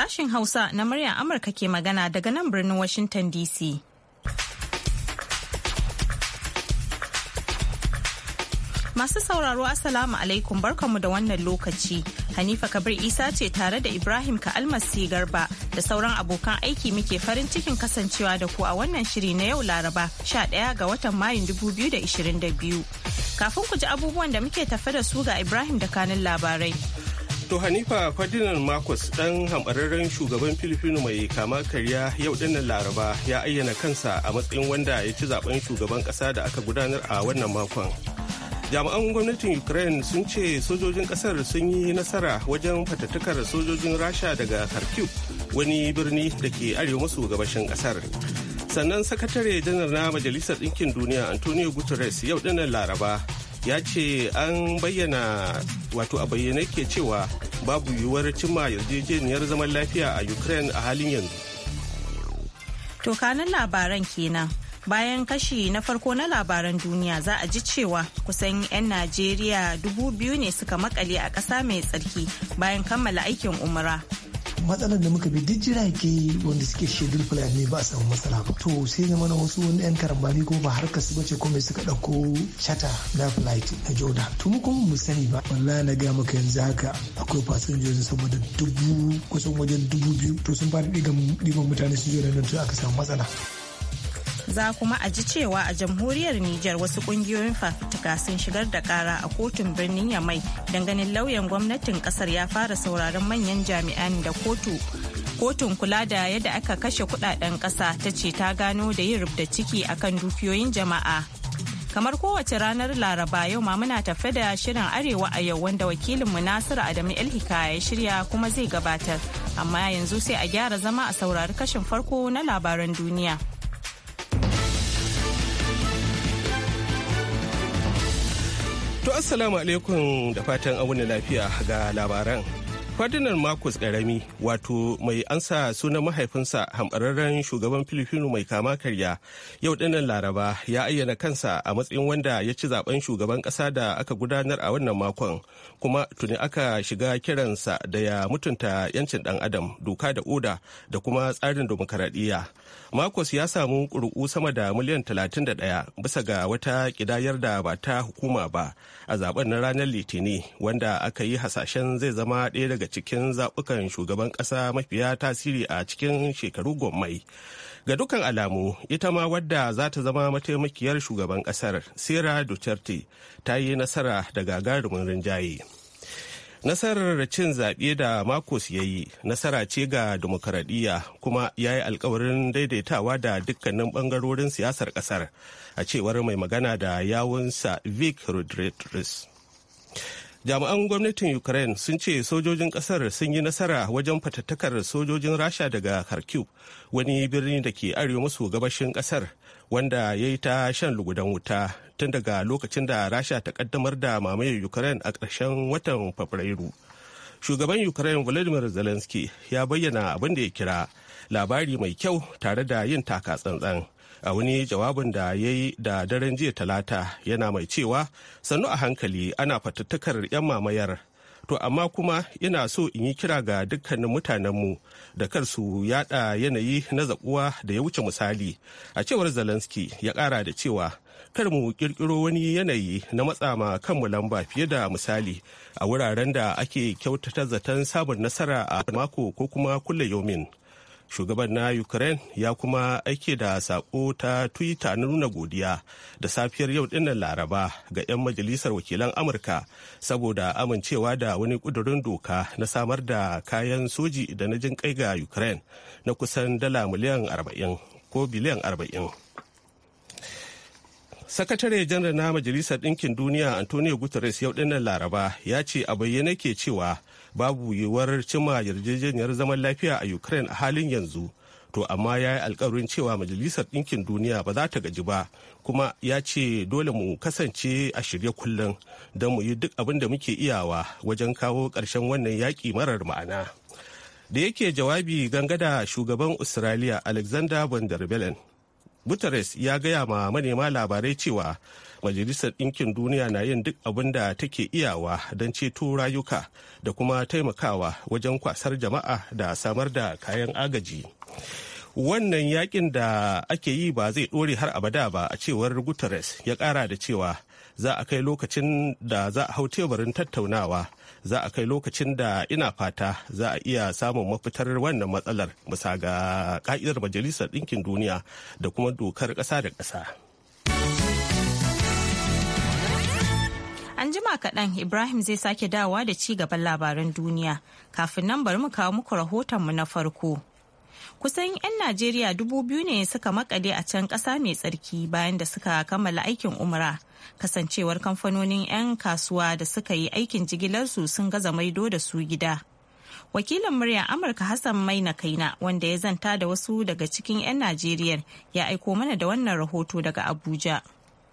Sashen Hausa na murya Amurka ke magana daga nan birnin Washington DC. Masu sauraro Assalamu alaikum barkanmu da wannan lokaci. Hanifa Kabir Isa ce tare da Ibrahim ka Ka'almasi Garba da sauran abokan aiki muke farin cikin kasancewa da ku a wannan shiri na yau Laraba 11 ga watan Mayun 2022. Kafin ku ji abubuwan da muke tafe da su ga Ibrahim da kanin labarai. To Hanifa Fadilan Marcos 'dan hambararren shugaban Filifinu mai kama karya yau dinnan Laraba ya ayyana kansa a matsayin wanda ya ci zaben shugaban ƙasa da aka gudanar a wannan makon. Jami'an gwamnatin Ukraine sun ce sojojin ƙasar sun yi nasara wajen fatattakar sojojin Rasha daga Kharkiv wani birni da ke arewa maso gabashin ƙasar. Sannan sakatare janar na Majalisar Ɗinkin Duniya Antonio Guterres yau dinnan Laraba ya ce an bayyana wato a bayyane ke cewa babu yiwuwar cimma yarjejeniyar zaman lafiya a ukraine a halin yanzu to kanan labaran kenan bayan kashi na farko na labaran duniya za a ji cewa kusan 'yan najeriya dubu biyu ne suka makale a ƙasa mai tsarki bayan kammala aikin umra matsalar da muka bi duk jirage wanda suke shedul flight ne ba a samu matsala ba to sai zama na wasu wani yan karambani ko ba harkar su bace kome suka dauko shata na flight na joda to mu kuma mu sani ba wallahi na ga maka yanzu haka akwai fasinjoji sama da dubu kusan wajen dubu biyu to sun fara diga mutane su jira nan to aka samu matsala. za kuma a ji cewa a jamhuriyar Nijar wasu kungiyoyin fafutuka sun shigar da kara a kotun birnin Yamai ganin lauyan gwamnatin kasar ya fara sauraron manyan jami'an da kotu kotun kula da yadda aka kashe kudaden kasa ta ce ta gano da yin rubda ciki akan dukiyoyin jama'a kamar kowace ranar laraba yau ma muna tafe da shirin arewa a yau wanda wakilinmu nasiru adamu ilhika ya shirya kuma zai gabatar amma yanzu sai a gyara zama a saurari kashin farko na labaran duniya To assalamu alaikum da fatan wani lafiya ga labaran. Fadinar Marcus Karami wato mai ansa sunan mahaifinsa hamararren shugaban Filifinu mai kama karya yau dinnan Laraba ya ayyana kansa a matsayin wanda ya ci zaben shugaban ƙasa da aka gudanar a wannan makon kuma tuni aka shiga kiransa da ya mutunta 'yancin ɗan adam doka da oda da kuma tsarin demokaradiyya Marcos ya samu ƙuri'u sama da miliyan 31 bisa ga wata ƙidayar da ba ta hukuma ba a zaben na ranar Litini wanda aka yi hasashen zai zama ɗaya daga cikin zaɓukan shugaban ƙasa mafiya tasiri a cikin shekaru gwammai. Ga dukkan alamu, ita ma wadda za ta zama mataimakiyar shugaban ƙasar, Sera Duterte, ta yi nasara daga gagarumin rinjaye. nasarar cin zaɓe da mako ya yi nasara ce ga demokaradiyya kuma ya yi alkawarin daidaitawa da dukkanin bangarorin siyasar ƙasar a cewar mai magana da yawunsa vic rodriguez jami'an gwamnatin ukraine sun ce sojojin ƙasar sun yi nasara wajen fatattakar sojojin rasha daga kharkiv wani birni da ke arewa maso gabashin ƙasar. wanda ya yi ta shan lugudan wuta tun daga lokacin da rasha ta kaddamar da mamayar ukraine a ƙarshen watan fabrairu shugaban ukraine volodymyr zelensky ya bayyana abin da ya kira labari mai kyau tare da yin taka tsantsan a wani jawabin da ya yi da daren jiya talata yana mai cewa sannu a hankali ana fatattakar 'yan mamayar to amma kuma ina so in yi kira ga dukkanin mutanenmu da kar su yada yanayi na zaɓuwa da ya wuce misali a cewar zelensky ya kara da cewa kar mu kirkiro wani yanayi na matsama kanmu lamba fiye da misali a wuraren da ake kyautata zaton sabon nasara a mako ko kuma kulle yomin shugaban na ukraine ya kuma aike da sako ta twitter na nuna godiya da safiyar yau dinnan laraba ga 'yan majalisar wakilan amurka saboda amincewa da wani kudurin doka na samar da kayan soji da na jin kai ga ukraine na kusan dala miliyan 40 ko biliyan 40 sakatare janar na majalisar ɗinkin duniya antonio guterres yau dinnan laraba ya ce a bayyane ke cewa babu yiwuwar cimma yarjejeniyar zaman lafiya a ukraine a halin yanzu to amma ya yi alkawarin cewa majalisar ɗinkin duniya ba za ta gaji ba kuma ya ce dole mu kasance a shirye kullum don mu yi duk abin da muke iyawa wajen kawo ƙarshen wannan yaƙi marar ma'ana da yake jawabi gangada shugaban australia alexander van der ya gaya ma manema labarai cewa majalisar ɗinkin duniya na yin duk abin da take iyawa don ceto rayuka da kuma taimakawa wajen kwasar jama'a da samar da kayan agaji wannan yakin da ake yi ba zai ɗore har abada ba a cewar guterres ya ƙara da cewa za a kai lokacin da za a hau teburin tattaunawa za a kai lokacin da ina fata za a iya samun mafitar wannan matsalar bisa ga ka'idar majalisar ɗinkin duniya da kuma dokar ƙasa da ƙasa. An jima kaɗan Ibrahim zai sake dawa da ci gaban labaran duniya. Kafin nan bari mu kawo muku mu na farko. Kusan 'yan Najeriya dubu biyu ne suka makale a can ƙasa mai tsarki bayan da suka kammala aikin umra. Kasancewar kamfanonin 'yan kasuwa da suka yi aikin jigilarsu sun gaza maido da su gida. wakilin Murya amurka hassan maina kaina wanda ya zanta da wasu daga cikin 'yan najeriya ya aiko mana da wannan rahoto daga abuja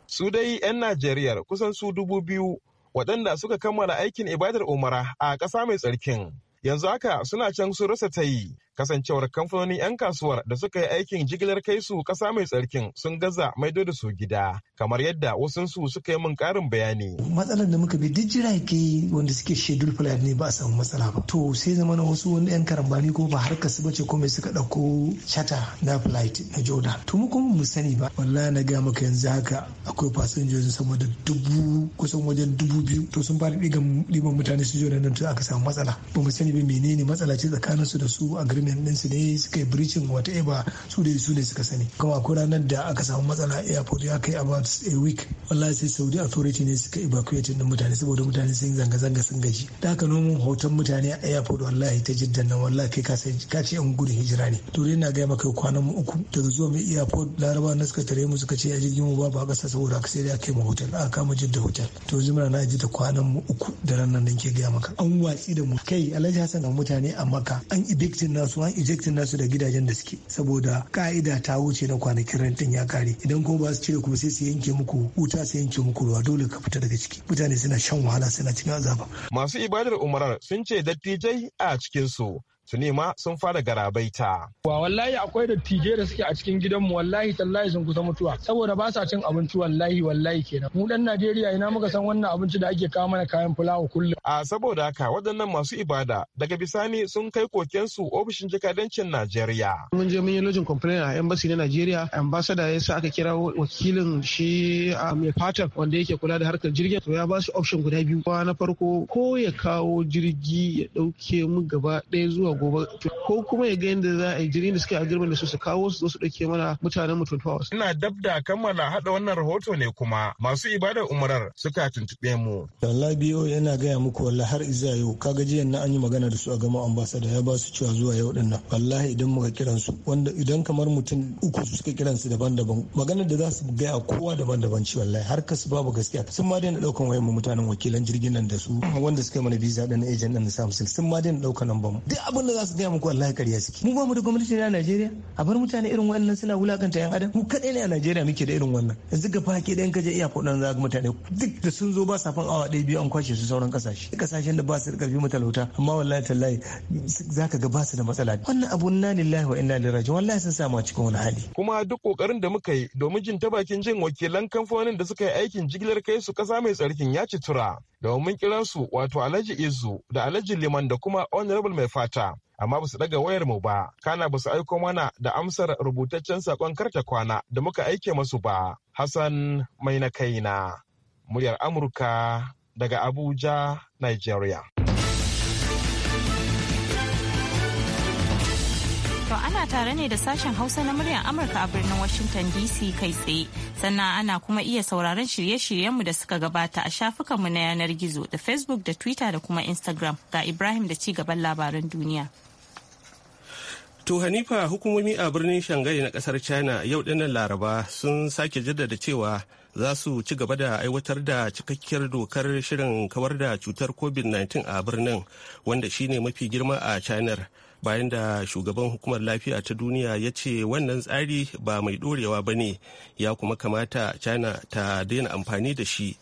Su dai 'yan Najeriya kusan su dubu biyu waɗanda suka kammala aikin ibadar umara a ƙasa mai tsarkin. Yanzu haka suna can su rasa ta yi kasancewar kamfanonin 'yan kasuwar da suka yi aikin jigilar kai su ƙasa mai tsarkin sun gaza maido da su gida kamar yadda wasu su suka yi mun ƙarin bayani. matsalar da muka bi duk jirage wanda suke shedul flight ne ba a samu matsala ba to sai zama na wasu wani 'yan karambani ko ba harkar su bace komai suka ɗauko chata na flight na jordan to mu kuma mu sani ba wallahi na ga maka yanzu haka akwai fasinjojin sama da dubu kusan wajen dubu biyu to sun fara ɗiban mutane su jordan nan to aka samu matsala ba mu sani ba menene matsala ce tsakaninsu da su a garin statement din su ne suka yi breaching whatever su da su ne suka sani kuma akwai ranar da aka samu matsala airport ya kai about a week wallahi sai saudi authority ne suka evacuate din mutane saboda mutane sun zanga zanga sun gaji da aka nomin hoton mutane a airport wallahi ta jiddan nan wallahi kai ka ce an gudun hijira ne to dai na ga maka kwanan mu uku daga zuwa mai airport laraba na suka tare mu suka ce a jirgin mu ba a kasa saboda aka sai da kai mu hotel aka kama jidda hotel to zuma na ji ta kwanan mu uku da ranar nan ke gaya maka an watsi da mu kai alhaji ga mutane a maka an evictin nasu su an ejectin nasu da gidajen da suke saboda ka'ida ta wuce na kwanakin rantin ya kare idan kuma ba su cire kuma sai su yanke muku wuta su yanke muku ruwa dole ka fita daga ciki mutane suna shan wahala suna cikin azaba masu ibadar umarar sun ce dattijai a cikin su su nema sun fara garabaita. Wa wallahi akwai dattijai da suke a cikin gidanmu wallahi tallahi sun kusa mutuwa saboda ba sa cin abinci wallahi wallahi kenan. Mu dan Najeriya ina muka san wannan abinci da ake kawo mana kayan fulawa kullum. A saboda haka waɗannan masu ibada daga bisani sun kai kokensu ofishin jakadancin Najeriya. Mun je mun yi lojin complain a embassy na Najeriya ambassada ya sa aka kira wakilin shi a mai fatar wanda yake kula da harkar jirgin to ya ba su option guda biyu. Na farko ko ya kawo jirgi ya ɗauke mu gaba ɗaya zuwa gobe ko kuma ya ga yadda za a yi jirgin da suke a girman da su su kawo su zo su dauke mana mutanen mutum wasu. Ina dab da kammala hada wannan rahoto ne kuma masu ibadar umarar suka tuntuɓe mu. Wallahi biyo yana gaya muku wallahi har iza yau kaga jiya na an yi magana da su a gama ambasada ya ba su cewa zuwa yau din nan wallahi idan muka kiran su wanda idan kamar mutum uku suka kiran su daban-daban magana da za su gaya kowa daban-daban ci wallahi har su babu gaskiya sun ma daina daukan wayan mu mutanen wakilan jirgin nan da su wanda suka mana visa na ajan din Samsung sun ma daina daukan nan ba mu abin wanda za su gaya muku wallahi ƙarya suke mu ba mu da gwamnati na Najeriya a bar mutane irin wannan suna wulakanta yan adam mu kadai ne a Najeriya muke da irin wannan yanzu ga fake dan kaje iya fodan za ga mutane duk da sun zo ba safan fan awa ɗaya biyu an kwashe su sauran kasashe kasashen da ba su da ƙarfi matalauta amma wallahi tallahi zaka ga ba su da matsala wannan abun na lillahi wa inna ilaihi raji'un wallahi sun samu a cikin wani hali kuma duk kokarin da muka yi domin jin ta bakin jin wakilan kamfanin da suka yi aikin jigilar kai su kasa mai tsarkin ya ci tura domin kiransu wato Alhaji Izu da Alhaji Liman da kuma Honorable Mai Fata amma ba su daga wayar mu ba kana ba su aiko mana da amsar rubutaccen sakon karta kwana da muka aike masu ba hassan mai na kaina muryar amurka daga abuja nigeria To ana tare ne da sashen Hausa na muryar Amurka a birnin Washington DC kai tsaye. Sannan ana kuma iya sauraron shirye-shiryenmu da suka gabata a shafukanmu na yanar gizo da Facebook da Twitter da kuma Instagram ga Ibrahim da ci gaban labaran duniya. To Hanifa hukumomi a birnin Shanghai na kasar China yau dinnan Laraba sun sake jaddada cewa za su ci gaba da aiwatar da cikakkiyar dokar shirin kawar da cutar COVID-19 a birnin wanda shine mafi girma a China. bayan da shugaban hukumar lafiya ta duniya ya ce wannan tsari ba mai dorewa ba ne ya kuma kamata china ta daina amfani da shi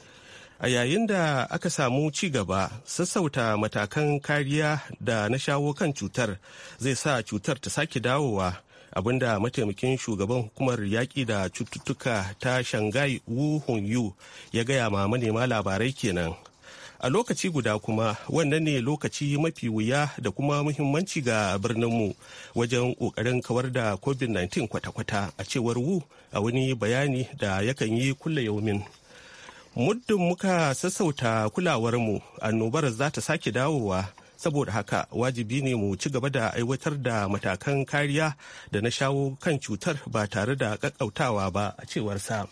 a yayin da aka samu ci gaba sassauta matakan kariya da na shawo kan cutar zai sa cutar ta sake dawowa abinda mataimakin shugaban hukumar yaƙi da cututtuka ta shanghai wu hongyu ya gaya ma manema labarai kenan a lokaci guda kuma wannan ne lokaci mafi wuya da kuma muhimmanci ga birninmu wajen ƙoƙarin kawar da covid-19 kwata-kwata a cewar wu a wani bayani da yakan yi kulle yaumin muddin muka sassauta kulawarmu annobar za ta sake dawowa saboda haka wajibi ne mu ci gaba da aiwatar da matakan kariya da na shawo kan cutar ba tare da ƙaƙƙautawa ba a cewar sa.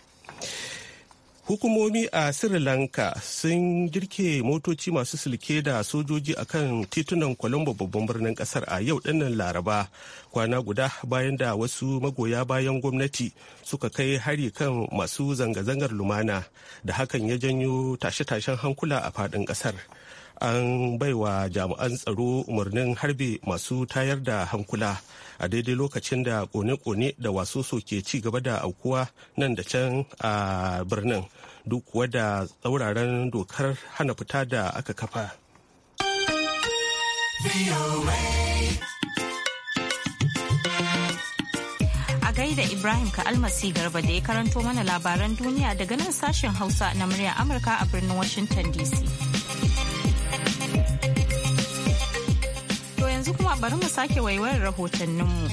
hukumomi a sri lanka sun girke motoci masu silke da sojoji a kan titunan colombo babban birnin kasar a yau dinnan laraba kwana guda bayan da wasu magoya bayan gwamnati suka kai hari kan masu zanga-zangar lumana da hakan ya janyo tashe-tashen hankula a fadin kasar an baiwa jami'an tsaro umarnin harbe masu tayar da hankula a daidai lokacin da kone-kone da wasoso ke ci gaba da aukuwa nan da can a birnin duk wadda tsauraran dokar hana fita da aka kafa. da Ibrahim ka almasi garba da ya karanto mana labaran duniya daga nan sashen Hausa na murya Amurka a birnin Washington DC. yanzu kuma bari mu sake waiwayar rahotanninmu.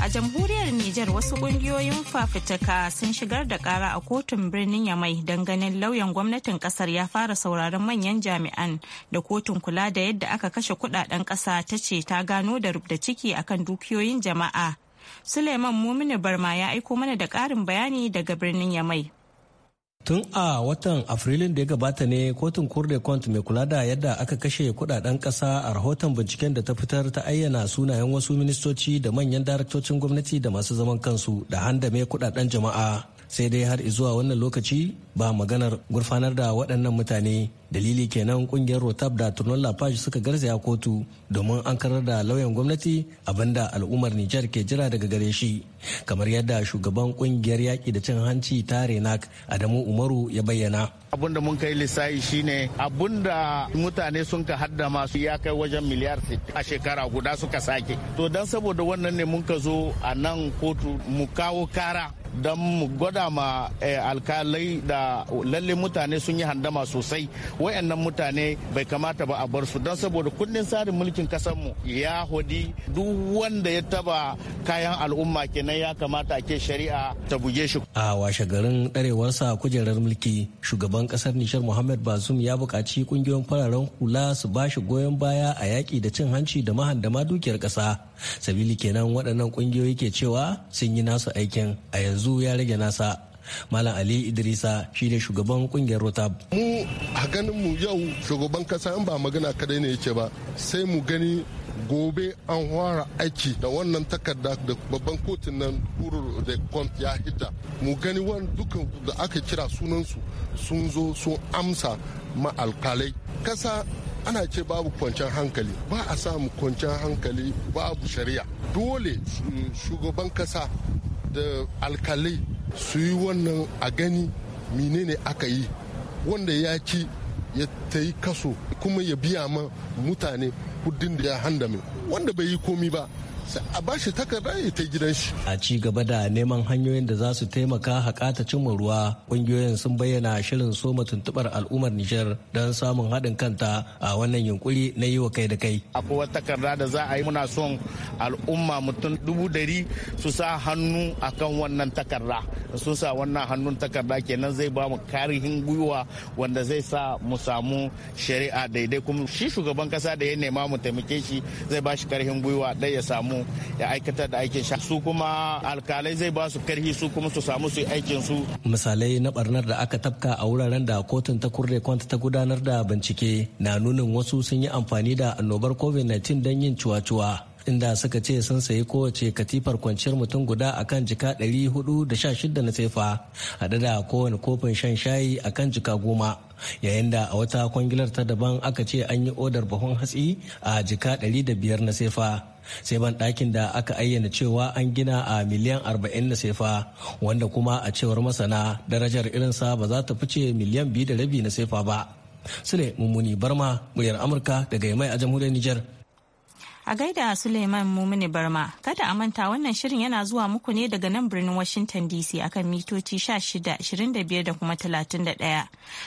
A jamhuriyar Nijar wasu kungiyoyin fafutuka sun shigar da kara a kotun birnin Yamai ganin lauyan gwamnatin kasar ya fara sauraron manyan jami'an da kotun kula da yadda aka kashe kudaden kasa ta ce ta gano da rubda ciki akan dukiyoyin jama'a. Suleiman Muminu Barma ya aiko mana da ƙarin bayani daga birnin Yamai. tun a watan afrilun da ya gabata ne kotun kurde kont mai kula da yadda aka kashe kudaden kasa a rahoton binciken da ta fitar ta ayyana sunayen wasu ministoci da manyan daraktocin gwamnati da masu zaman kansu da handame kudaden jama'a sai dai har zuwa wannan lokaci ba maganar gurfanar da waɗannan mutane dalili kenan ƙungiyar rotab da turnon lafashi suka garzaya kotu domin an karar da lauyan gwamnati abinda al'ummar nijar ke jira daga gare shi kamar yadda shugaban ƙungiyar yaƙi da cin hanci ta renak adamu umaru ya bayyana da mun kai lissafi shine da mutane sun ka hadda masu ya kai wajen miliyar a shekara guda suka sake to dan saboda wannan ne mun ka zo a nan kotu mu kawo kara don mu gwada ma eh, alkalai da lalle mutane sun yi handama sosai wayannan mutane bai kamata ba a bar su don saboda kundin tsarin mulkin mu ya hodi duk wanda ya taba kayan al'umma kenan ya kamata ke shari'a ta buge shi a washe garin darewarsa kujerar mulki shugaban kasar nishar muhammad bazum ya bukaci kungiyoyin fararen hula su ba shi goyon baya a yaƙi da cin hanci da mahandama dukiyar ƙasa sabili kenan waɗannan ƙungiyoyi ke cewa sun yi nasu aikin a yanzu yanzu ya rage nasa Malam Ali Idrisa shi ne shugaban kungiyar Rotab. Mu a ganin mu yau shugaban kasa in ba magana kadai ne yake ba sai mu gani gobe an fara aiki da wannan takarda da babban kotun nan kurur da kont ya hita mu gani wani dukkan da aka kira sunansu sun zo sun amsa ma alkalai kasa ana ce babu kwanciyar hankali ba a samu kwanciyar hankali babu shari'a dole mm, shugaban kasa da alkalai su yi wannan a gani menene aka yi wanda ya ci ya ta yi kaso kuma ya biya ma mutane kudin da ya handa mai wanda bai yi komi ba a ba takarda ya ta gidan shi. A ci gaba da neman hanyoyin da za su taimaka haƙa ta cimma ruwa, ƙungiyoyin sun bayyana shirin soma tuntuɓar al'ummar Nijar don samun haɗin kanta a wannan yunkuri na yi wa kai da kai. Akwai wata takarda da za a yi muna son al'umma mutum dubu dari su sa hannu akan wannan takarda. Sun sa wannan hannun takarda kenan zai ba mu karihin gwiwa wanda zai sa mu samu shari'a daidai kuma shi shugaban kasa da ya nema mu taimake shi zai ba shi karihin gwiwa dai ya samu samu ya aikatar da aikin sha su kuma alkalai zai ba su karhi su kuma su samu su aikin su misalai na barnar da aka tafka a wuraren da kotun ta kurde kwanta ta gudanar da bincike na nunin wasu sun yi amfani da annobar covid-19 don yin cuwa-cuwa inda suka ce sun sayi kowace katifar kwanciyar mutum guda akan jika 416 na sefa haɗe da kowane kofin shan shayi akan jika goma yayin da a wata kwangilar ta daban aka ce an yi odar buhun hatsi a jika 500 na sefa sai ban ɗakin da aka ayyana cewa an gina a miliyan 40 na sefa wanda kuma a cewar masana darajar irinsa ba za ta fice miliyan biyu da rabi na sefa ba sule mummuni barma muryar amurka daga mai a jamhuriyar niger A gaida Suleiman Mumini Barma, kada a manta wannan shirin yana zuwa muku ne daga nan birnin Washington DC akan mitoci 16, da kuma 31.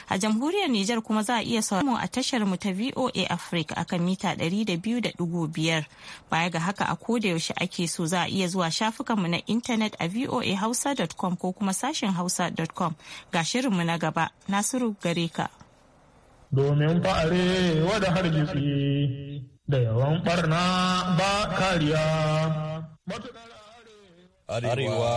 A jamhuriyar Nijar kuma za a iya mu a tashar mu ta VOA Africa akan mita 200.5. Baya ga haka a koda yaushe ake so za a iya zuwa shafukanmu na intanet a voahausa.com ko kuma sashin hausa.com. Ga shirinmu na gaba, Nasiru gare ka. Domin fa'are wada hargitsi da yawan barna ba kariya. Arewa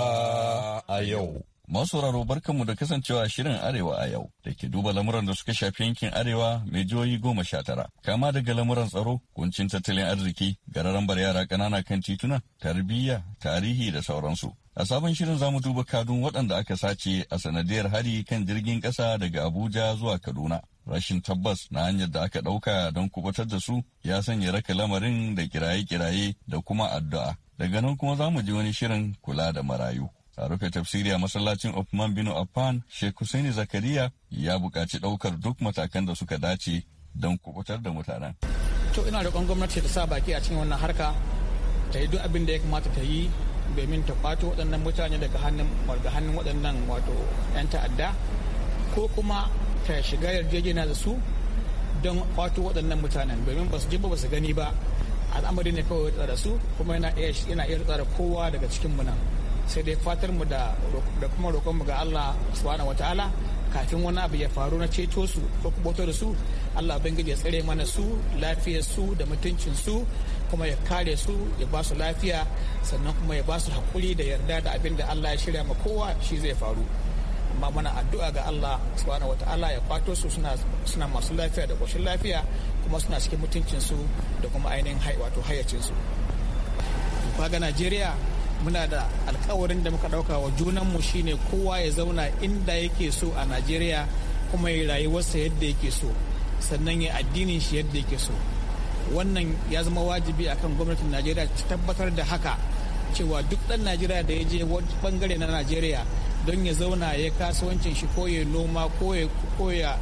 a yau. Masauraro barkanmu da kasancewa shirin Arewa a yau da ke duba lamuran da suka shafi yankin Arewa mai jihohi goma sha tara. Kama daga lamuran tsaro, kuncin tattalin arziki, gararan bar yara ƙanana kan tituna, tarbiyya, tarihi da sauransu. A sabon shirin zamu duba kadun waɗanda aka sace a sanadiyar hari kan jirgin ƙasa daga Abuja zuwa Kaduna. rashin tabbas na hanyar da aka ɗauka don kubatar da su ya sanya raka lamarin da kiraye-kiraye da kuma addu'a daga nan kuma za mu ji wani shirin kula da marayu a rufe tafsiri a masallacin Uthman bin Affan Sheikh Husaini Zakariya ya buƙaci ɗaukar duk matakan da suka dace don kubutar da mutanen. To ina roƙon gwamnati ta sa baki a cikin wannan harka ta yi duk abin da ya kamata ta yi domin ta kwato waɗannan mutane daga hannun waɗannan wato 'yan ta'adda ko kuma ta shiga yarjejeniya da su don kwato waɗannan mutanen domin ba su ji ba su gani ba al'amari ne kawai da su kuma yana iya tsara kowa daga cikin mu nan sai dai fatar mu da kuma roƙon mu ga Allah subhanahu wataala kafin wani abu ya faru na ceto su ko kubutar su Allah ubangiji ya tsare mana su lafiyar su da mutuncin su kuma ya kare su ya ba su lafiya sannan kuma ya ba su hakuri da yarda da abin da Allah ya shirya ma kowa shi zai faru amma muna addu'a ga Allah subhanahu wataala ya kwato su suna suna masu lafiya da koshin lafiya kuma suna cikin mutuncin su da kuma ainihin wato hayyacin su ga Najeriya muna da alkawarin da muka dauka wa junan mu shine kowa ya zauna inda yake so a Najeriya kuma ya rayuwarsa yadda yake so sannan ya addinin shi yadda yake so wannan ya zama wajibi akan gwamnatin Najeriya ta tabbatar da haka cewa duk ɗan najeriya da ya je bangare na najeriya don ya zauna ya kasuwancin shi ko ya noma ko ya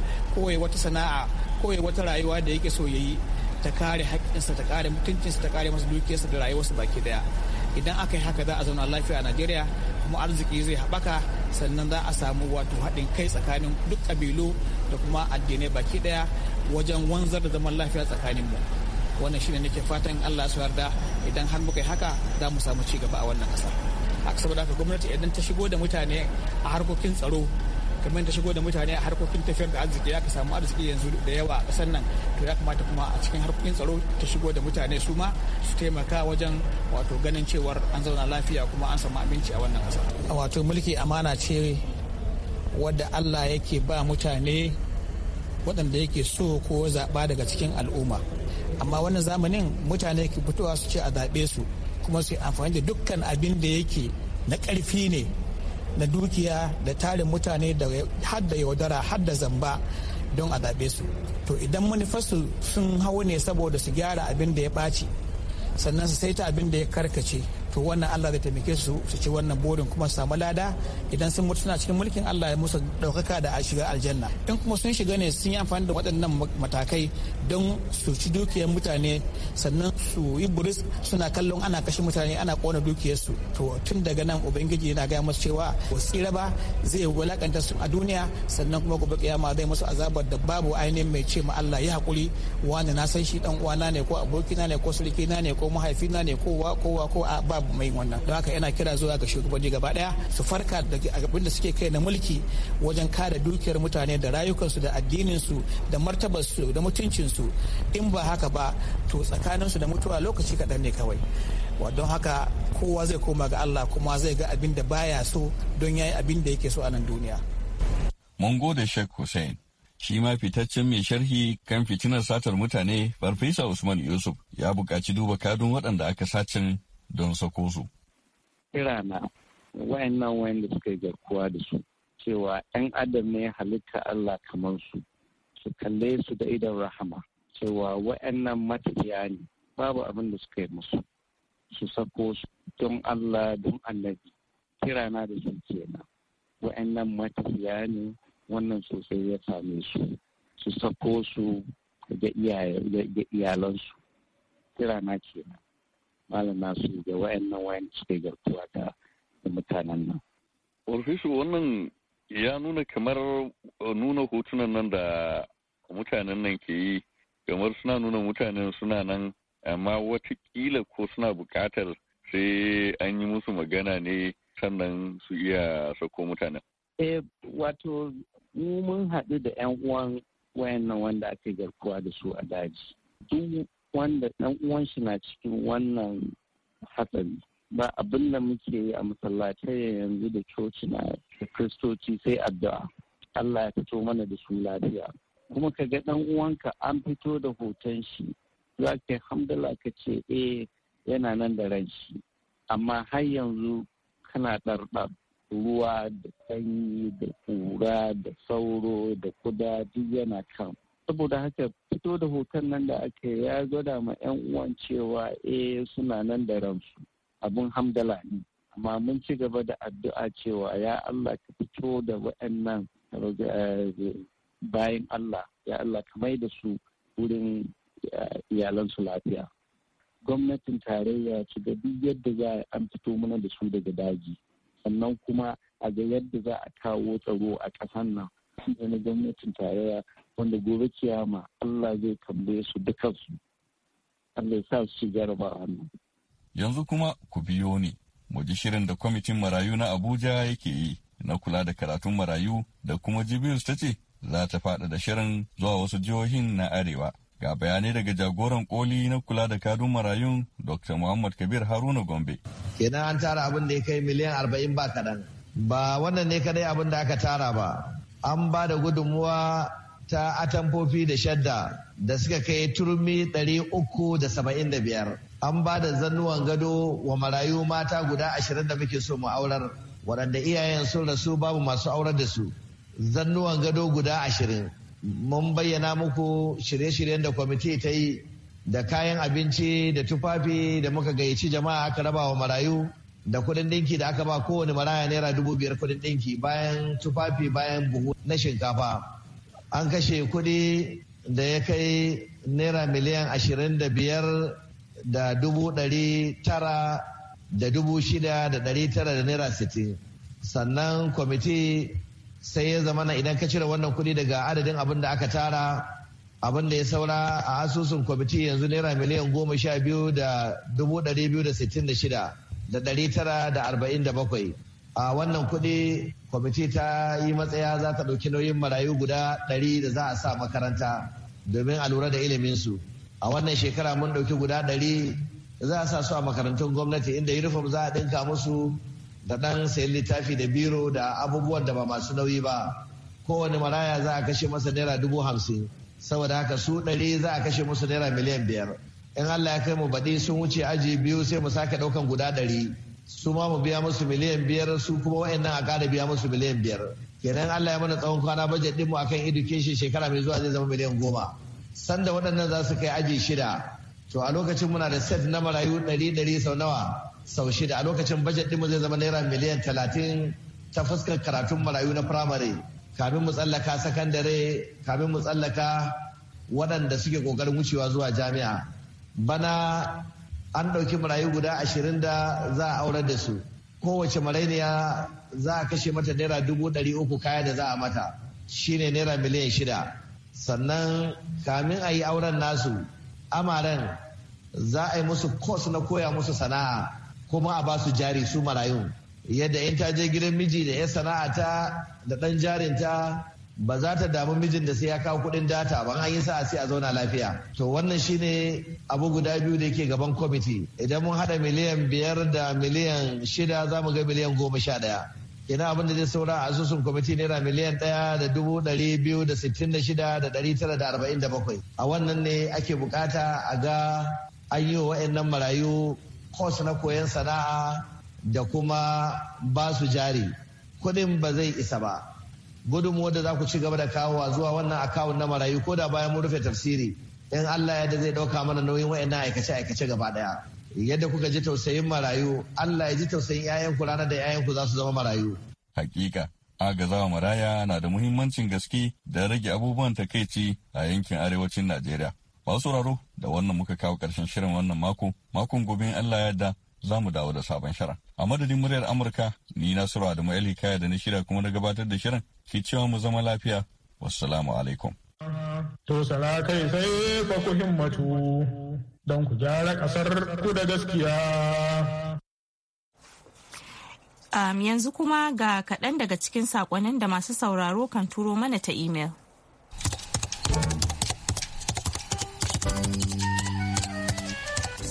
wata sana'a ko ya wata rayuwa da yake so ya yi ta kare haƙƙinsa ta kare mutuncinsa ta kare masa dukiyarsa da rayuwarsa baki daya idan aka yi haka za a zauna lafiya a najeriya kuma arziki zai haɓaka sannan za a samu wato haɗin kai tsakanin duk ƙabilu da kuma addinai baki daya wajen wanzar da zaman lafiya tsakanin mu wannan shine nake fatan allah su yarda idan har muka yi haka za mu samu ci gaba a wannan ƙasa. saboda haka gwamnati idan ta shigo da mutane a harkokin tsaro kamar ta shigo da mutane a harkokin tafiyar da arziki ya ka samu arziki yanzu da yawa a ƙasar nan to ya kamata kuma a cikin harkokin tsaro ta shigo da mutane su ma su taimaka wajen wato ganin cewar an zauna lafiya kuma an samu aminci a wannan ƙasa. wato mulki amana ce wadda allah yake ba mutane waɗanda yake so ko zaɓa daga cikin al'umma amma wannan zamanin mutane ke fitowa su ce a zaɓe su kuma su amfani da dukkan abin da yake na ƙarfi ne na dukiya da tarin mutane da har da yaudara har zamba don a zaɓe su to idan manufarsu sun hau ne saboda su gyara abin da ya ɓaci sannan su saita abin da ya karkace to wannan Allah zai taimake su su ci wannan burin kuma su samu lada idan sun mutu suna cikin mulkin Allah ya musu ɗaukaka da a shiga aljanna in kuma sun shiga ne sun yi amfani da waɗannan matakai don su ci dukiyar mutane sannan su yi buris suna kallon ana kashe mutane ana kona dukiyarsu to tun daga nan ubangiji yana gaya masu cewa ko tsira ba zai wulakanta su a duniya sannan kuma gobe kiyama zai musu azabar da babu ainihin mai ce ma Allah ya hakuri wani na san shi dan uwana ne ko abokina ne ko surikina ne ko mahaifina ne ko wa ko wa ko abu mai wannan don haka yana kira zuwa ga shugabanni gaba daya su farka da abin da suke kai na mulki wajen kare dukiyar mutane da rayukansu da addininsu da martabarsu da mutuncinsu in ba haka ba to tsakaninsu da mutuwa lokaci kaɗan ne kawai don haka kowa zai koma ga Allah kuma zai ga abin da baya so don yayi abin da yake so a nan duniya. Mun gode Sheikh Hussein. Shi ma fitaccen mai sharhi kan fitinar satar mutane Farfesa Usman Yusuf ya buƙaci duba kadun waɗanda aka sacin don sako su. Kirana wayannan wayanda suka yi garkuwa da su cewa 'yan adam ne halitta Allah kamar su su kalle su da idan rahama cewa wayannan matafiya ne babu abin da suka yi musu su sako su don Allah don annabi kirana da su kenan wayannan matafiya ne wannan sosai ya same su su sako su ga iyalansu kirana kenan malam nasu da wayannan wayan suke garkuwa da mutanen nan. Warfishu wannan ya nuna kamar uh, nuna hotunan nan da mutanen nan ke yi kamar suna nuna mutanen suna nan amma watakila ko suna bukatar sai an yi musu magana ne sannan su iya sako mutanen. Eh wato mun haɗu da 'yan uwan wayannan wanda aka yi garkuwa da su a daji. Duk wanda ɗan uwan shi na cikin wannan hatsari ba abin da muke yi a masallatai yanzu da coci na da kristoci sai addu'a Allah ya fito mana da su lafiya kuma ka ga ɗan uwanka an fito da hoton shi za ka hamdala ka ce eh yana nan da ran shi amma har yanzu kana ɗarɗar ruwa da sanyi da kura da sauro da kuda duk yana kan saboda haka fito da hoton nan da aka yi ya gwada ma 'yan uwan cewa eh suna nan da ransu abun hamdala ne amma mun ci gaba da addu'a cewa ya Allah ka fito da waɗannan eh, bayan Allah ya Allah ka mai da su wurin eh, iyalansu lafiya gwamnatin tarayya ci ga duk yadda za a an fito mana da su daga daji sannan kuma a ga yadda za a kawo tsaro a kasan nan na gwamnatin tarayya wanda gobe kiyama Allah zai tambaye su dukansu Allah ya sa su jaraba hannu. Yanzu kuma ku biyo ni mu ji shirin da kwamitin marayu na Abuja yake yi na kula da karatun marayu da kuma Jibril ta ce za ta da shirin zuwa wasu jihohin na Arewa. Ga bayanai daga jagoran koli na kula da kadun marayun Dr. Muhammad Kabir Haruna Gombe. Kenan an tara abin da ya kai miliyan arba'in ba kaɗan. Ba wannan ne kadai abin da aka tara ba. An ba da gudunmuwa ta atamfofi da shadda da suka kai turmi 375 an ba da zannuwan gado wa marayu mata guda 20 da muke so mu aurar waɗanda iyayen sun rasu babu masu aurar da su zannuwan gado guda 20 mun bayyana muku shirye-shiryen da kwamiti ta yi da kayan abinci da tufafi da muka gayyaci jama'a aka raba wa marayu da kuɗin ɗinki da aka ba kowane maraya naira dubu biyar kuɗin ɗinki bayan tufafi bayan buhu na shinkafa an kashe kuɗi da ya kai naira miliyan ashirin da biyar da dubu ɗari tara da dubu shida da ɗari tara da naira sittin sannan kwamiti sai ya zama na idan ka cire wannan kuɗi daga adadin abin da aka tara abin da ya saura a asusun kwamiti yanzu naira miliyan goma sha biyu da dubu ɗari biyu da sittin da shida da ɗari tara da arba'in da bakwai a wannan kuɗi kwamiti ta yi matsaya za ta ɗauki nauyin marayu guda ɗari da za a sa makaranta domin a lura da iliminsu a wannan shekara mun ɗauki guda ɗari za a sa su a makarantun gwamnati inda uniform za a ɗinka musu da ɗan sayan littafi da biro da abubuwan da ba masu nauyi ba kowane maraya za a kashe masa naira dubu hamsin saboda haka su ɗari za a kashe musu naira miliyan biyar in allah ya kai mu baɗi sun wuce aji biyu sai mu sake ɗaukan guda ɗari su ma mu biya musu miliyan biyar su kuma wa'annan a ƙara biya musu miliyan biyar kenan Allah ya mana tsawon kwana bajet mu akan education shekara mai zuwa zai zama miliyan goma sanda waɗannan za su kai aji shida to a lokacin muna da set na marayu ɗari ɗari sau nawa sau shida a lokacin bajet mu zai zama naira miliyan talatin ta fuskar karatun marayu na firamare kamin mu tsallaka sakandare kamin mu tsallaka waɗanda suke ƙoƙarin wucewa zuwa jami'a bana an ɗauki marayu guda ashirin da za a aurar da su kowace marainiya za a kashe mata naira dubu ɗari uku kaya da za a mata shine naira miliyan shida sannan kamin a yi auren nasu amaren za a yi musu kos na koya musu sana'a kuma a ba su jari su marayun yadda in ta je gidan miji da ya sana'a ta da ɗan jarin ta. ba za ta damu mijin da sai ya kawo kuɗin data ba an yi sa sai a zauna lafiya to wannan shine abu guda biyu da ke gaban kwamiti idan mun haɗa miliyan biyar da miliyan shida za mu ga miliyan goma sha ɗaya Ina abin da zai saura a asusun kwamiti naira miliyan ɗaya da dubu ɗari biyu da sittin da shida da ɗari tara da arba'in da bakwai a wannan ne ake bukata a ga an yi wa wa'annan marayu kos na koyon sana'a da kuma ba su jari kuɗin ba zai isa ba gudunmuwar da za ku ci gaba da kawowa zuwa wannan akawun na marayu ko da bayan mun rufe tafsiri in Allah ya zai dauka mana nauyin wayana aikace aikace gaba daya yadda kuka ji tausayin marayu Allah ya ji tausayin yayan ku ranar da yayan ku za su zama marayu hakika agazawa maraya na da muhimmancin gaske da rage abubuwan takaici a yankin arewacin Najeriya masu sauraro da wannan muka kawo karshen shirin wannan mako makon gobe Allah ya yadda. za mu dawo da sabon shirin. A madadin muryar Amurka, ni na Sura da Ma'ali Kaya da na shirya kuma na gabatar da shirin, ke cewa mu zama lafiya. Wassalamu alaikum. To sala sai fa ku himmatu don ku gyara kasar ku da gaskiya. yanzu kuma ga kaɗan daga cikin saƙonin da masu sauraro kan turo mana ta imel.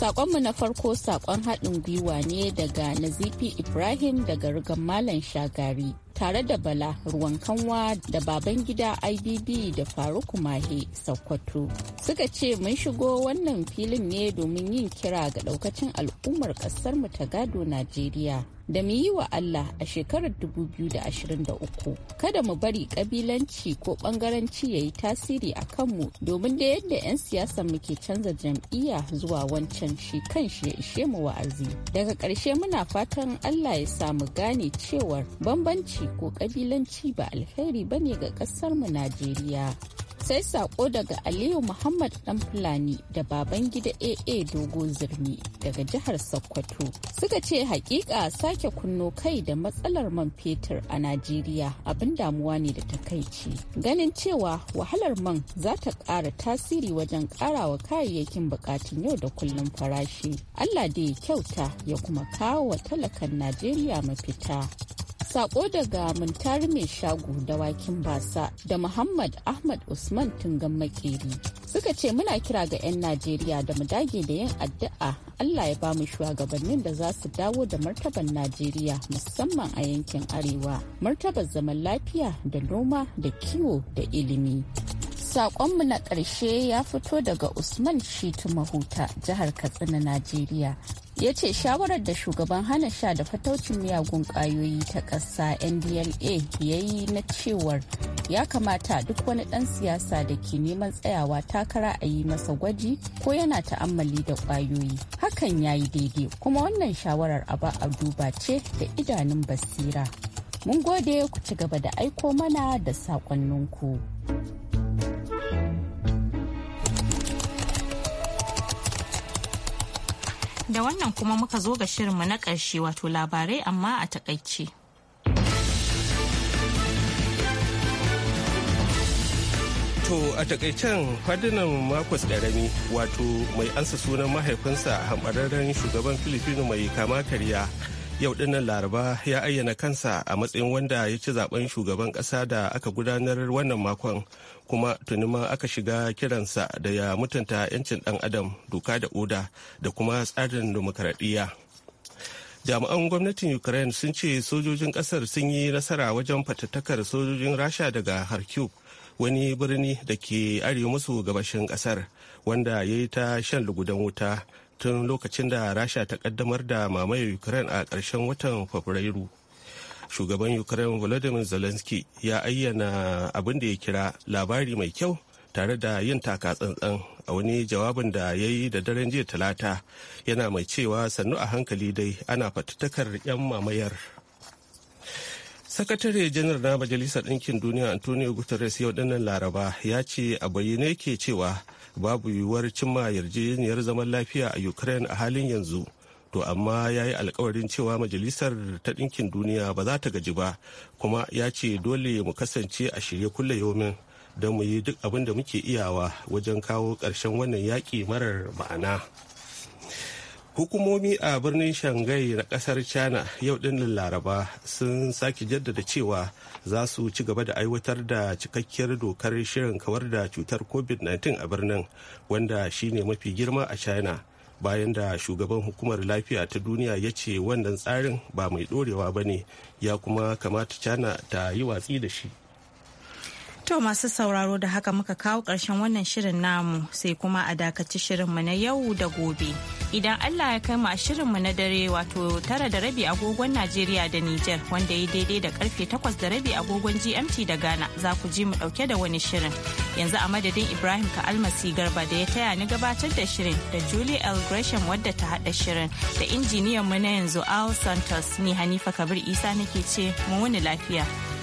Sakonmu na farko sakon haɗin gwiwa ne daga Nazifi Ibrahim daga rigar Malam Shagari. Tare da Bala ruwan kanwa da baban gida IBB da Faruku Mahe Sokoto. Suka ce mun shigo wannan filin ne domin yin kira ga ɗaukacin al'umma al'ummar mu ta gado Najeriya. da mu yi wa Allah a shekarar 2023. Kada mu bari kabilanci ko bangaranci ya yi tasiri a kanmu domin da yadda 'yan siyasa muke canza jam'iyya zuwa wancan shi kan shi ya ishe mu wa'azi. Daga ƙarshe muna fatan Allah ya sa mu gane cewar bambanci ko kabilanci ba alheri bane ga ƙasarmu Najeriya. sai sako daga aliyu muhammad dan fulani da baban gida aa dogo zirmi daga jihar sokoto suka ce hakika sake kunno kai da matsalar man fetur a najeriya abin damuwa ne da takaici ganin cewa wahalar man za ta ƙara tasiri wajen ƙarawa kayayyakin bukatun yau da kullum farashi allah da ya kyauta ya kuma kawo wa talakan najeriya mafita Sako daga Muntari mai shago da wakin basa da Muhammad Ahmad Usman Tungan Makeri suka ce muna kira ga 'yan Najeriya da mu dage da yin addu'a Allah ya bamu shugabannin da za su dawo da martaban Najeriya musamman a yankin Arewa, martabar zaman lafiya da noma da kiwo da ilimi. Sakonmu na ƙarshe ya fito daga Usman Shitu Mahuta, jihar Katsina, Najeriya. Ya ce shawarar da shugaban hana sha da fataucin miyagun ƙwayoyi ta ƙasa NDLA ya yi na cewar ya kamata duk wani ɗan siyasa da ke neman tsayawa takara a yi masa gwaji ko yana ta'ammali da ƙwayoyi. Hakan ya yi daidai kuma wannan shawarar a ba a duba ce da idanun basira. Mun gode ku ci gaba da aiko mana da saƙonninku. da wannan kuma muka zo ga shirinmu na ƙarshe wato labarai amma a takaice. To a takaicen fadinan Marcus Garami wato mai ansa sunan mahaifinsa a hamɓararren shugaban Filifinu mai kama karya yau dinnan laraba ya ayyana kansa a matsayin wanda ya ci zaben shugaban kasa da aka gudanar wannan makon kuma tuni ma aka shiga kiransa da ya mutunta 'yancin dan adam doka da oda da kuma tsarin demokaradiyya jami'an gwamnatin ukraine sun ce sojojin kasar sun yi nasara wajen fatattakar sojojin rasha daga kharkiv wani birni da ke arewa maso gabashin kasar wanda ya yi ta shan lugudan wuta tun lokacin da rasha ta kaddamar da mamayar ukraine a ƙarshen watan fabrairu shugaban ukraine volodymyr zelensky ya ayyana abin da ya kira labari mai kyau tare da yin taka tsantsan a wani jawabin da ya yi da daren jiya talata yana mai cewa sannu a hankali dai ana fatattakar 'yan mamayar sakatare janar na majalisar ɗinkin duniya antonio guterres yau dinnan laraba ya ce a bayyane ke cewa babu yiwuwar cimma yarjejeniyar zaman lafiya a ukraine a halin yanzu to amma ya yi alkawarin cewa majalisar ta ɗinkin duniya ba za ta gaji ba kuma ya ce dole mu kasance a shirye kulle yomin don mu yi duk abin da muke iyawa wajen kawo ƙarshen wannan yaƙi marar ma'ana. hukumomi a birnin shanghai na kasar china yau din laraba sun sake jaddada cewa za su ci gaba da aiwatar da cikakkiyar dokar shirin kawar da cutar covid-19 a birnin wanda shine mafi girma a china bayan da shugaban hukumar lafiya ta duniya ya ce wannan tsarin ba mai dorewa ba ne ya kuma kamata china ta yi watsi da shi To masu sauraro da haka muka kawo ƙarshen wannan shirin namu sai kuma a dakaci shirinmu na yau da gobe. idan Allah ya kai mu shirinmu na dare wato tara da rabi agogon Najeriya da Nijar wanda ya daidai da karfe takwas da rabi agogon GMT da Ghana za ku ji mu dauke da wani shirin. Yanzu a madadin Ibrahim Ka'almasi Garba da ya taya ni gabatar da shirin da Julie L. Gresham wadda ta hada shirin da injiniyan mu na yanzu Al Santos ni Hanifa Kabir Isa nake ce mu wani lafiya.